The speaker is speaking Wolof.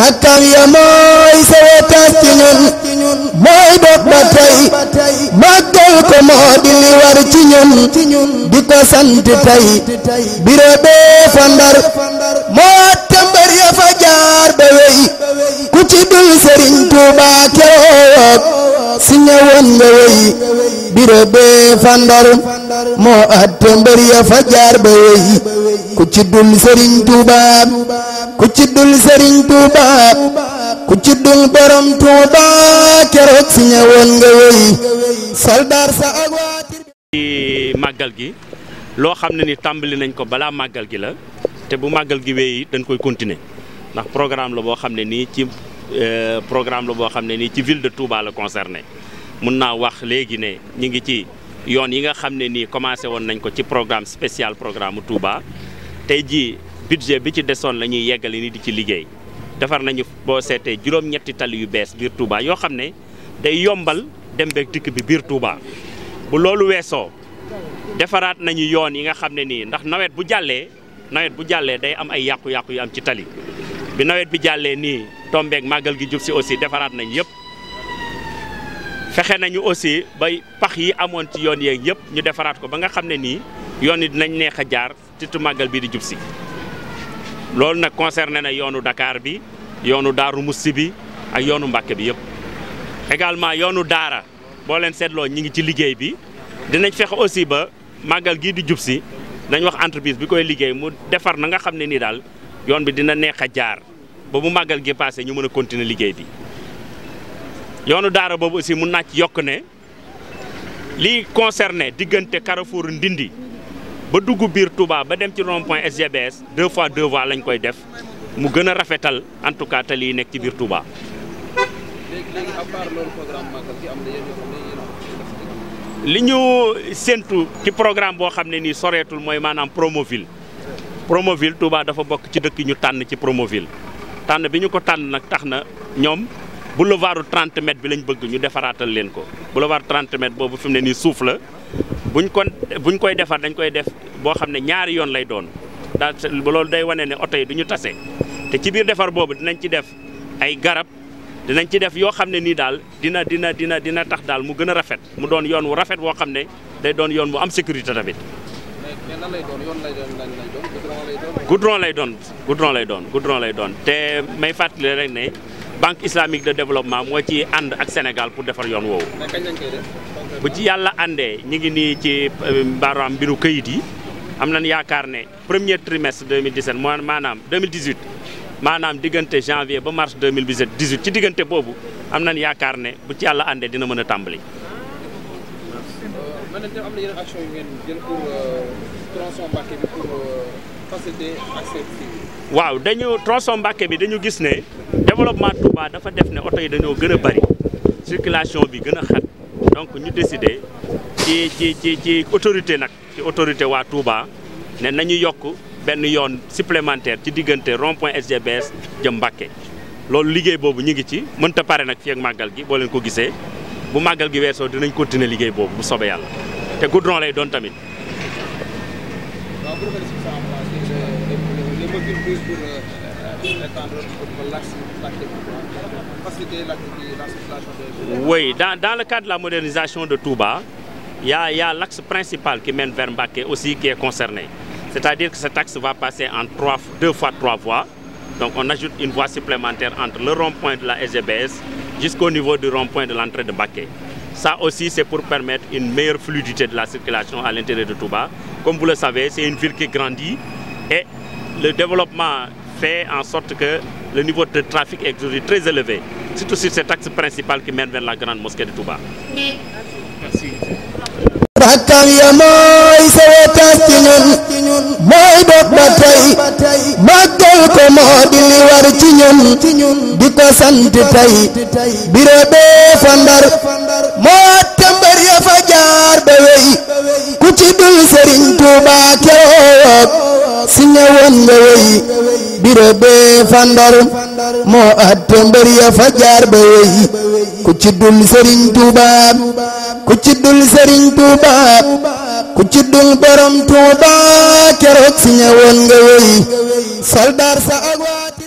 bàkkaar ya mooy sawe taas ci ñun mooy dog ba tey màggal ko moo di li ci ñun di ko sant tey biro bee fa ndar moo tëmbër ya fa jaar ba wey ku ci dul Sëriñ Tuubaa keroog si ñëwoon nga wey biro Fandar fandaru moo atteem ya fajar bewe wey ku ci dul sëriñ tuuba ku ci dul sëriñ tuuba ku ci dul borom tuuba keroog si ñëwoon nga wey soldar sa agwa waatir ci màggal gi lo xamne ni tambali nañ ko bala magal gi la te bu magal gi weyi dañ koy continuer ndax programme la bo xamne ni ci euh, programme la bo xamne ni ci ville de Touba la concerner mun naa wax léegi ne ñu ngi ci yoon yi nga xam ne nii commencé woon nañ ko ci programme spécial programme Touba tey jii budget bi ci desoon la ñuy yeggale ni di ci liggéey defar nañu boo seetee juróom-ñetti tali yu bees biir Touba yoo xam ne day yombal dem dikk bi biir Touba bu loolu weesoo defaraat nañu yoon yi nga xam ne nii ndax nawet bu jàllee nawet bu jàllee day am ay yàqu-yàqu yu am ci tali bi nawet bi jàllee nii tombeek màggal gi jub si aussi defaraat nañ yëpp fexe nañu aussi bay pax yi amoon ci yoon yeeg yëpp ñu defaraat ko ba nga xam ne nii yoon yi dinañ neex a jaar surtout màggal bii di jub si loolu nag concerné na yoonu Dakar bi yoonu Daaru Musti bi ak yoonu Mbàkke bi yëpp également yoonu daara boo leen seetloo ñi ngi ci liggéey bi dinañ fexe aussi ba màggal gii di jub si dañ wax entreprise bi koy liggéey mu defar na nga xam ne nii daal yoon bi dina neex a jaar ba mu màggal gi passé ñu mën a continuer liggéey bi yoonu daara boobu aussi mun naa ci yokk ne lii concerné diggante Carrefour Ndindi ba dugg biir Touba ba dem ci rond-point SGBS deux fois deux voies lañ koy def mu gën a rafetal en tout cas nekk ci biir Touba. li ñu séntu ci programme boo xam ne nii soreetul mooy maanaam Promoville Promoville Touba dafa bokk ci dëkk ñu tànn ci Promoville tànn bi ñu ko tànn nag tax na ñoom boulevard 30 mètres bi lañ bëgg ñu defaraatal leen ko boulevard 30 mètres boobu fi mu ne nii suuf la buñ kon buñ koy defar dañ koy def boo xam ne ñaari yoon lay doon daa loolu day wane ne oto yi du ñu tase te ci biir defar boobu dinañ ci def ay garab dinañ ci def yoo xam ne nii daal dina dina dina dina tax daal mu gën a rafet mu doon yoon wu rafet woo xam ne day doon yoon wu am sécurité tamit. goudron lay doon goudron lay doon goudron lay doon goudron lay doon te may fàttali rek ne. banque islamique de développement moo ci ànd ak Sénégal pour defar yoon woowu. bu ci yàlla àndee ñu ngi nii ci euh, baaraam mbiru kayit yi am nañ yaakaar ne premier trimestre 2017 moo maanaam 2018 maanaam diggante janvier ba mars 2017 18 ci diggante boobu am nañ yaakaar ne bu ci yàlla àndee dina mën a tàmbali. Euh, man euh, bi pour waaw dañu tronçon Mbacké bi dañu gis ne. développement Touba dafa def ne oto yi dañoo gën a bari circulation bi gën a xat donc ñu décidé ci ci ci ci autorité nag ci autorité waa Touba ne nañu yokk benn yoon supplémentaire ci diggante rond point SGBS jëm Mbàkke loolu liggéey boobu ñu ngi ci mënta pare nag fii ak màggal gi boo leen ko gisee bu màggal gi weesoo dinañ continuer liggéey boobu bu sobe yàlla te goudron lay doon tamit. Oui, dans, dans, le cadre de la modernisation de Touba, il y a, a l'axe principal qui mène vers Mbaké aussi qui est concerné. C'est-à-dire que cet axe va passer en trois, deux fois trois voies. Donc on ajoute une voie supplémentaire entre le rond-point de la SGBS jusqu'au niveau du rond-point de l'entrée de Mbaké Ça aussi, c'est pour permettre une meilleure fluidité de la circulation à l'intérieur de Touba. Comme vous le savez, c'est une ville qui grandit et le développement fait en sorte que le niveau de trafic est très élevé, surtout sur cet axe principal qui mène vers la grande mosquée de Touba. si ñëwoon nga wey biro bee fandar moo atte mbër ya fa jaar ba wey ku ci dul sëriñ Tuuba ku ci dul sëriñ Tuuba ku ci dul borom Tuuba keroog si ñëwoon nga wey soldar sa ak